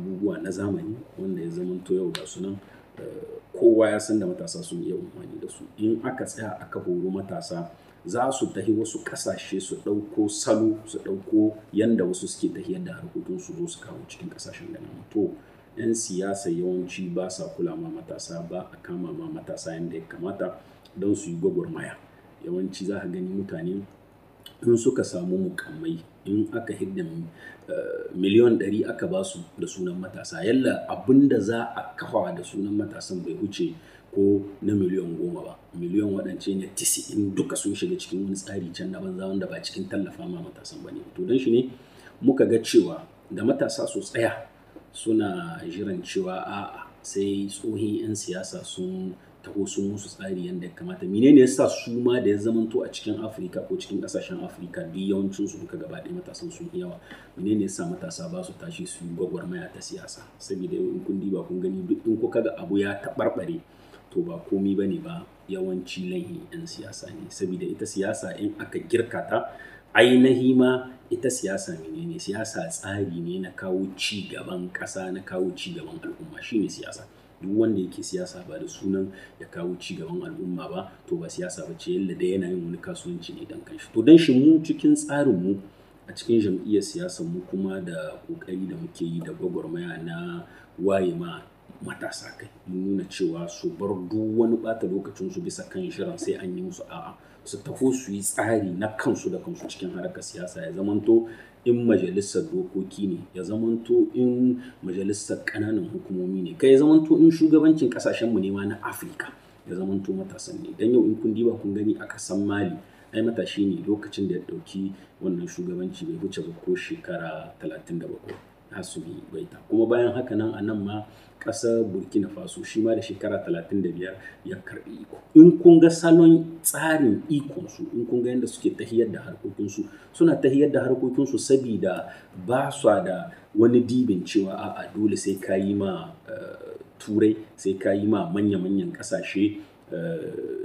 abubuwa na zamani wanda ya zamanto yau ga sunan eh, kowa ya san da matasa sun iya amfani da su in aka tsaya aka horo matasa za su tahi wasu kasashe su ɗauko salo su ɗauko yanda wasu suke tahiyar da harkokin su zo su kawo cikin kasashen da nan to 'yan siyasa yawanci ba sa kula ma matasa ba a kama ma matasa yanda ya kamata don su yi gwagwarmaya yawanci za ka gani mutane in suka samu mukammai in aka hidda eh, miliyan ɗari aka ba su da sunan matasa yalla abin da za a kafa da sunan matasan bai wuce ko na miliyan goma ba miliyan waɗance ne in duka sun shiga cikin wani tsari can na banza wanda ba cikin tallafa ma matasan ba ne to don shi ne muka ga cewa da matasa su tsaya suna jiran cewa a'a sai tsohin 'yan siyasa sun taho sun musu tsari yadda ya kamata menene yasa su ma da ya zamanto a cikin afirka ko cikin kasashen afirka duk yawancin su duka gaba ɗaya matasan sun yawa menene yasa matasa ba su tashi su yi gwagwarmaya ta siyasa saboda in kundi diba kun gani duk in kuka ga abu ya taɓarɓare to ba komi ba ne ba yawanci laihi 'yan siyasa ne saboda ita siyasa in aka girka ta ainihi ma ita siyasa menene siyasa tsari ne na kawo ci gaban ƙasa na kawo ci gaban al'umma shine siyasa duk wanda yake siyasa ba da sunan ya kawo ci gaban al'umma ba to ba siyasa ba ce yalla da yana yin wani kasuwanci ne dan kanshi to dan shi mu cikin tsarin mu a cikin jam'iyyar siyasar mu kuma da kokari da muke yi da gwagwarmaya na waye ma matasa kai mun nuna cewa su bar duk wani bata lokacin su bisa kan shirin sai an yi musu a'a su tafi su yi tsari na kansu da kansu cikin harkar siyasa ya zamanto in majalisar dokoki ne ya zamanto in majalisar kananan hukumomi ne kai ya zamanto in shugabancin mu ne ma na afirka ya zamanto matasan ne dan yau in kun diba kun gani a kasan mali ai matashi ne lokacin da ya ɗauki wannan shugabanci bai wuce ba ko shekara 37 nasu bai ta kuma bayan haka nan a nan ma ƙasar burkina faso shi ma da shekara 35 ya karɓi iko in kun ga salon tsarin ikonsu in kun ga yadda suke tahiyar da harkokinsu suna tahiyar da harkokinsu sabida ba su da wani dibin cewa a dole sai ka yi ma eh, turai sai ka yi ma manya-manyan ƙasashe eh,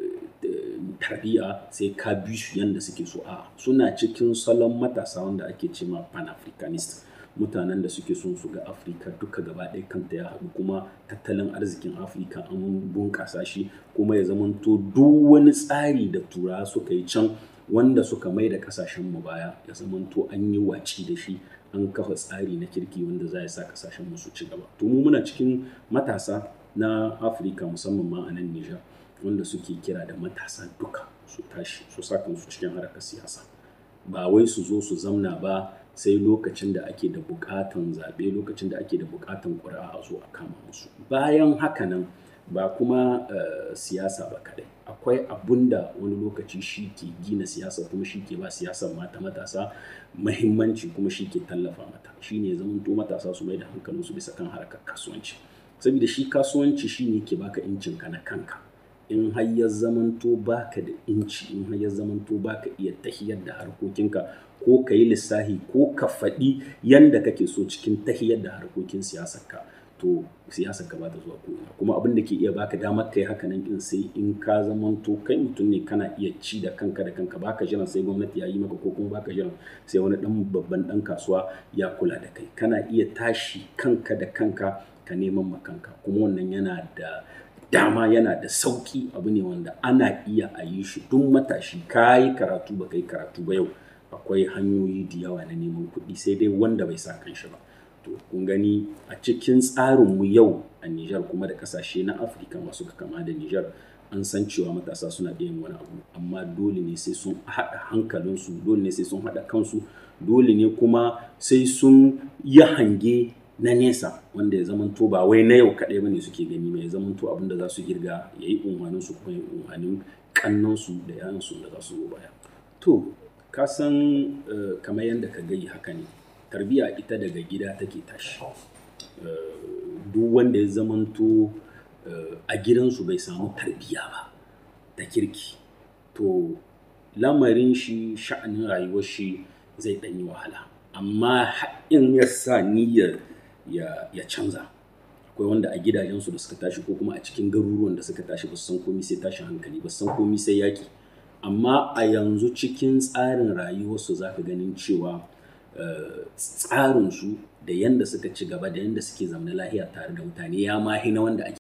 tarbiya sai ka bi su yadda suke so a suna cikin salon matasa wanda ake ce ma pan-africanist mutanen da suke son su ga afirka duka gaba ɗaya kanta ya haɗu kuma tattalin arzikin afirka an bunƙasa shi kuma ya zamanto duk wani tsari da tura suka yi can wanda suka mai da ƙasashen mu baya ya zamanto an yi waci da shi an kafa tsari na kirki wanda za ya sa ƙasashen mu su ci gaba to mu muna cikin matasa na afirka musamman ma a nan nijar wanda suke kira da matasa duka su tashi su sa kansu cikin harkar siyasa ba wai su zo su zamna ba sai lokacin da ake da bukatan zaɓe lokacin da ake da bukatan ƙuri'a a zo a kama musu bayan haka nan ba kuma eh, siyasa ba kadai akwai abun da wani lokaci shi ke gina siyasa kuma shi ke ba siyasar mata matasa mahimmanci kuma shi ke tallafa mata shi ne shine zamanto matasa su mai da su bisa kan harkar kasuwanci saboda shi kasuwanci shi ne ke baka incinka na kanka in har ya zamanto baka da inci in har ya zamanto baka iya tahiyar da harkokinka ko ka yi lissahi ko ka faɗi yanda kake so cikin tahiyar da harkokin siyasarka to siyasar ka ba da zuwa ko'ina kuma abin da ke iya baka damar kai haka nan in sai in ka zamanto kai mutum ne kana iya ci da kanka da kanka baka jiran sai gwamnati ya yi maka ko kuma baka jiran sai wani dan babban dan kasuwa ya kula da kai kana iya tashi kanka da kanka ka neman makanka kuma wannan yana da dama yana da sauki abu ne wanda ana iya a yi shi duk matashi ka yi karatu ba ka yi karatu ba yau akwai hanyoyi da yawa na neman kuɗi sai dai wanda bai sa kan shi ba to kun gani a cikin tsarinmu yau a Nijar kuma da kasashe na Afirka masu kama da Nijar an san cewa matasa suna da yin wani abu amma dole ne sai sun haɗa hankalinsu dole ne sai sun haɗa kansu dole ne kuma sai sun yi hange na nesa wanda ya zamanto ba wai na yau kaɗai bane suke gani mai zamanto abin da za su girga ya yi umarnin su kuma umarnin kannansu da su da za su zo baya to ka san eh, kamar yadda ka gayi haka ne tarbiya ita daga gida take tashi eh, duk wanda ya zamanto eh, a gidansu bai samu tarbiya ba ta kirki to lamarin shi sha'anin rayuwar shi zai ɗanyi wahala amma in ya sa niyyar ya, canza akwai wanda a gidajensu da suka tashi ko kuma a cikin garuruwan da suka tashi ba su san komi sai tashi hankali ba su san komi sai yaki amma a yanzu cikin tsarin rayuwarsu za ka ganin cewa eh, tsarinsu da yanda suka ci gaba da yanda suke zamana lahiya tare da mutane ya mahi na wanda ake